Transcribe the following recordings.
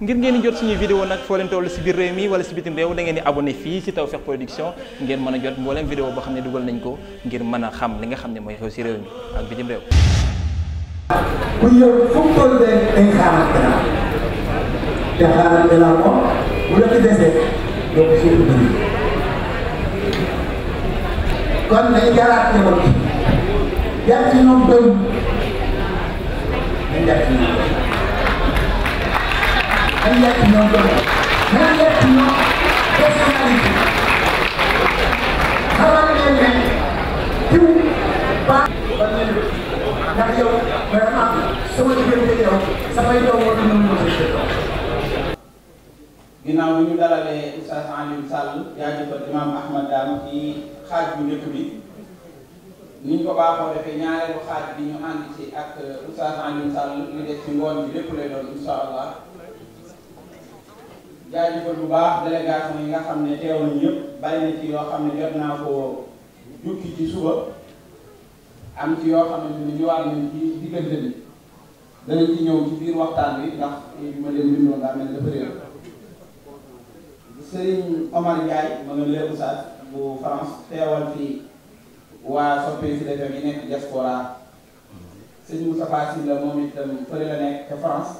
ngir ngeen di jot suñuy vidéo nag foo leen toll si biir réew mi wala si bitim réew da ngeen di abonné fii si Tawfekh Production ngeen mën a jot mbooleem vidéo boo xam ne dugal nañ ko ngir mën a xam li nga xam ne mooy xew si réew mi ak bitim réew ku yow fu toll leen dañ xaaral gannaaw te ci desee donc nan yegg ñoo doon nan yegg ñoo personnalité xamal leen ne diw baax ba mel ndax yow vraiment sama diggante yow samay doom war nañu mën a ginnaaw bi ñu dalalee Oustaz Alioune Sall jaajëfal Imam Ahmad Dam ci xaaj bu njëkk bi ni ñu ko baaxoo defee ñaareelu xaaj bi ñu ànd ci ak Oustaz Alioune Sall ñu des ci ngoon bi lépp lay doon incha allah. jaajëfal bu baax délégation yi nga xam ne teew nañu yëpp bari na ci yoo xam ne jot naa jukki ci suba am ci yoo xamante ni ñëwaat nañ ci diggante bi danañ ci ñëw ci biir waxtaan bi ndax li ma leen bindoon daa mel ne dafa réer Serigne Omar Ndiaye ma nga léegu saat bu France teewal fii waa soppee si defem yi nekk diaspora sëñ Moustapha Sylla moom itam fële la nekk France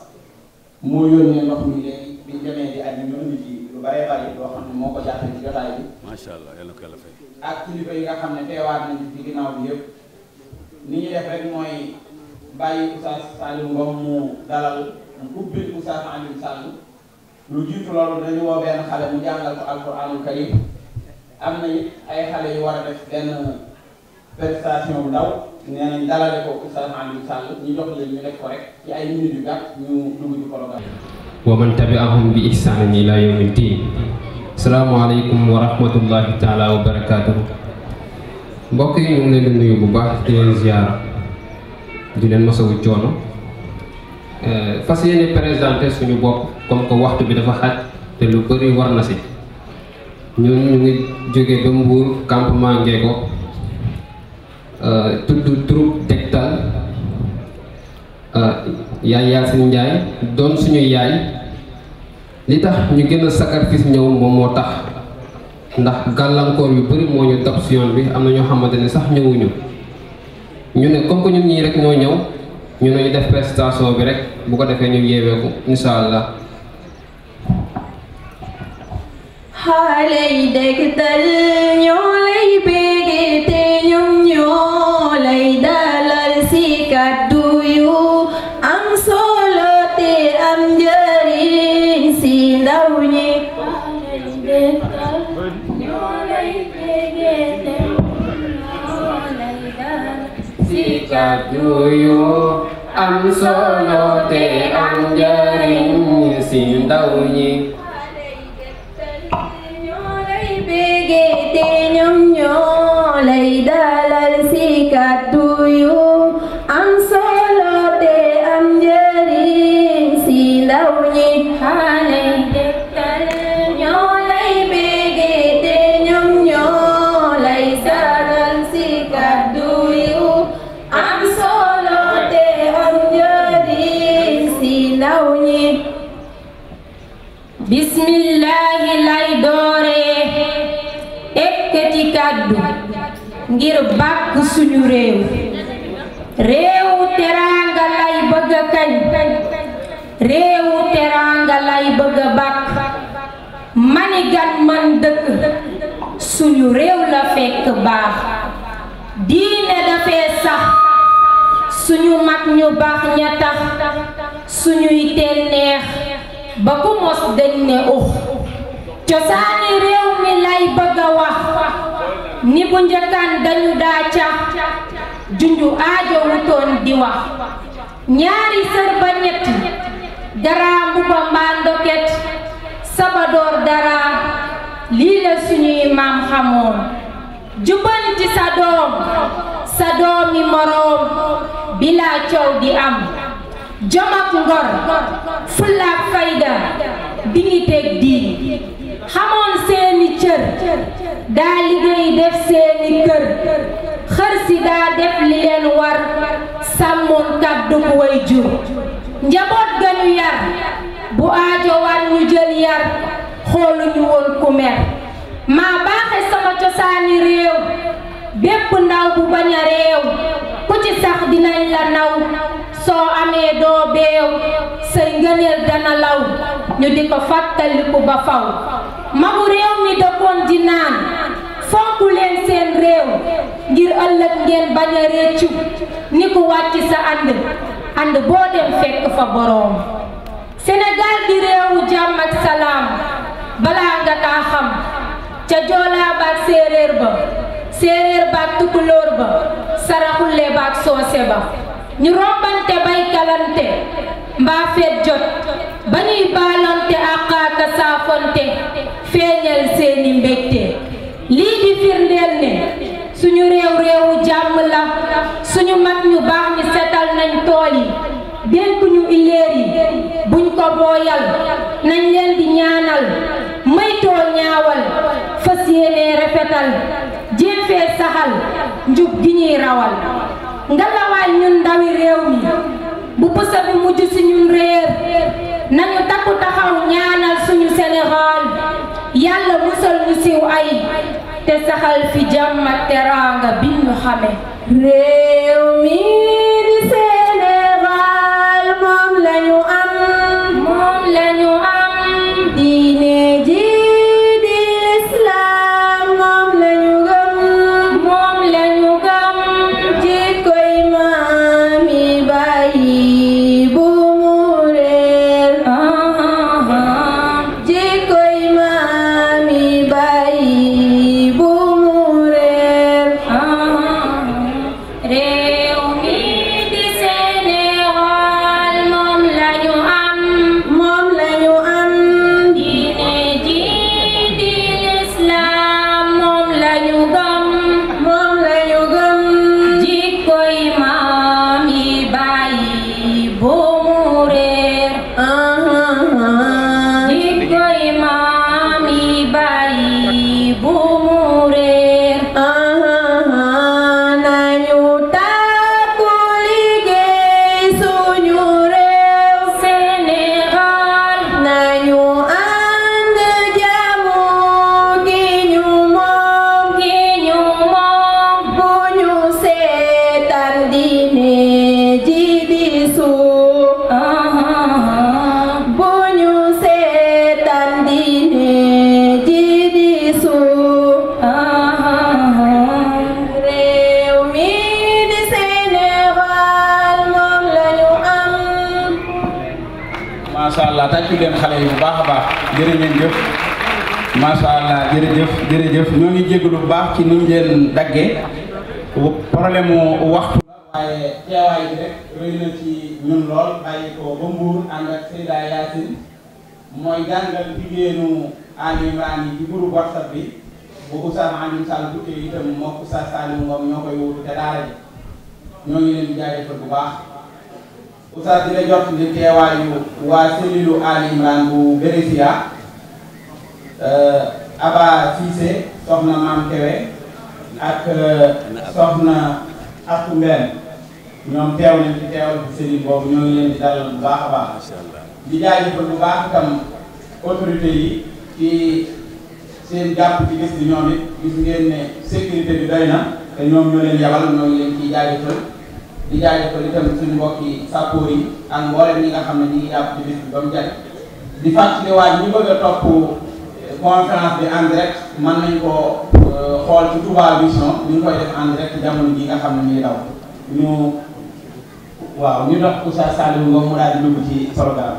moo yónnee ndox mi léegi bi ñu demee di àddina ñu indi ci lu bare bari loo xam ne moo ko jàppale ci bi. macha allah yàlla ko yàlla fay. ak kilifa yi nga xam ne teewaat nañu ci ginnaaw bi yëpp ni ñu def mooy bàyyi Oustaz Saliou Ngom mu dalal mu ubbi Oustaz Alioune Sall lu jiitu loolu dañu woo benn xale mu jàngal ko alquranul karim am na ay xale yu war a def benn prestation bu ndaw nee nañ dalale ko Oustaz Alioune Sall ñu jox leen ñu def ko rek ci ay minutes yu gàtt ñu dugg ci programme wa man tabi'ahum bi ihsanin ila yawmid din salaamaaleykum wa rahmatullahi taala wa barakaatuhu mbokk yi leen di nuyu bu baax di leen ziar di leen masawu coono eh, fas yéene présenté suñu bopp comme que waxtu bi dafa xaj te lu bëri war na si ñun ñu ngi jógee ba Mbuur campement Ngégo eh, tudd troupe Tektal Euh, yaay Yacine Ndiaye doon suñu yaay li tax ñu gën a sacrifice ñëw moom moo tax ndax gàllankoor yu bëri moo ñu dab si bi am na ñoo xamante ne sax ñëwuñu ñu ne comme que ñun ñii rek ñoo ñëw ñu ne ñu def prestation bi rek bu ko defee ñu yeeweeku incha allah. xale yi ñoo lay bégee ñoom ñoo lay daal. dablu yu am solo te am njariñ si ndaw ñi suñuy kàddu ngir bàkk suñu réew réewu teraanga lay bëgg kañ réewu teraanga lay bëgg bàkk manigat man dëkk suñu réew la fekk baax diine dafee sax suñu mag ñu baax ña tax suñuy teel ba ku mos dañ ne ux cosaani réew mi lay bëgg wax ni bu njëkkaan dañu daa cax junju aajowutoon di wax ñaari sër ba ñett dara mbuba mbaa ndoket sabadoor dara lii la suñuy maam xamoon jubanti sa doom sa doomi moroom bilaa coow di am jom ngor fullaak fayda dignitéeg diin xamoon seen cër daa liggéey def seeni kër xër si daa def li leen war sàmmoon kàddu bu jur njaboot ga ñu yar bu aajo war ñu jël yar xooluñu woon maa baaxe sama cosaani réew bépp ndaw bu bañ a réew ku ci sax dinañ la naw soo amee doo beew say ngëneel dana law ñu di ko fàttaliku ba faw magu réew mi ëllëg ngeen bañ a réccu ni ku wàcc sa jàmm ak salaam balaa nga kaa xam ca joolaa séeréer ba séeréer baak tukulóor ba saraxulle baak soose ba ñu rombante bay kalante mbaa feet jot ba ñuy baalante àqaaka saafonte feeñal seeni mbégte lii di firndeel ne suñu réew réewu jàmm la suñu mag ñu baax ñi setal nañ tool yi dénkuñu illeer yi buñ ko booyal nañ leen di ñaanal maytoo ñaawal fas yéenee rafetal jéem saxal njub gi ñuy rawal ngalawaay ñun ndawi réew yi bu pusa bi mujj si ñun réer nañu takku taxaw ñaanal suñu Sénégal yàlla musal ñu ay te saxal fi jàmm ak teraanga bi ñu xame réew mi macha allah tàccu leen xale yi bu baax a baax jërë ngeen jëf macha allah jërëjëf jërëjëf ñoo ngi jégalu bu baax ci nuñ leen daggee problème mu waxtu waaye teewaay bi rek rëy na ci ñun lool bàyyi ko ba Mbuur ànd ak Seyda mooy jàngal jigéenu Ali Imran yi ci groupe WhatsApp bi bu Oustaz Alioune Sall bukkee itam moo Oustaz Saliou Ngom ñoo koy wóoru te daara ji ñoo ngi leen di jaajëfal bu baax Oustaz dina jot ni teewaayu waa cellule Ali Imran bu Bérésia euh, Aba Cissé soxna Maam Kewe ak euh, soxna Atou Mbène ñoom teew nañ ci teewal ci cellule boobu ñoo leen di dalal bu baax a baax di jaajëfal bu baax itam autorité yi ci seen jàpp ci gis di ñoom it gis ngeen ne sécurité bi doy na te ñoom ñoo leen yabal ñoo ngi leen ciy jaajëfal di jaajëfal itam suñu mbokki sàppoor yi ak mboolem ñi nga xam ne ñu ngi jàpp ci bis bi ba di fàttaliwaat ñu bëgg a topp euh, conférence bi en direct mën nañ ko euh, xool ci Touba Vision ñu ngi koy def en direct jamono ji nga xam ne ñu waaw ñu dox sa Saliou Ngom mu daal di dugg ci programme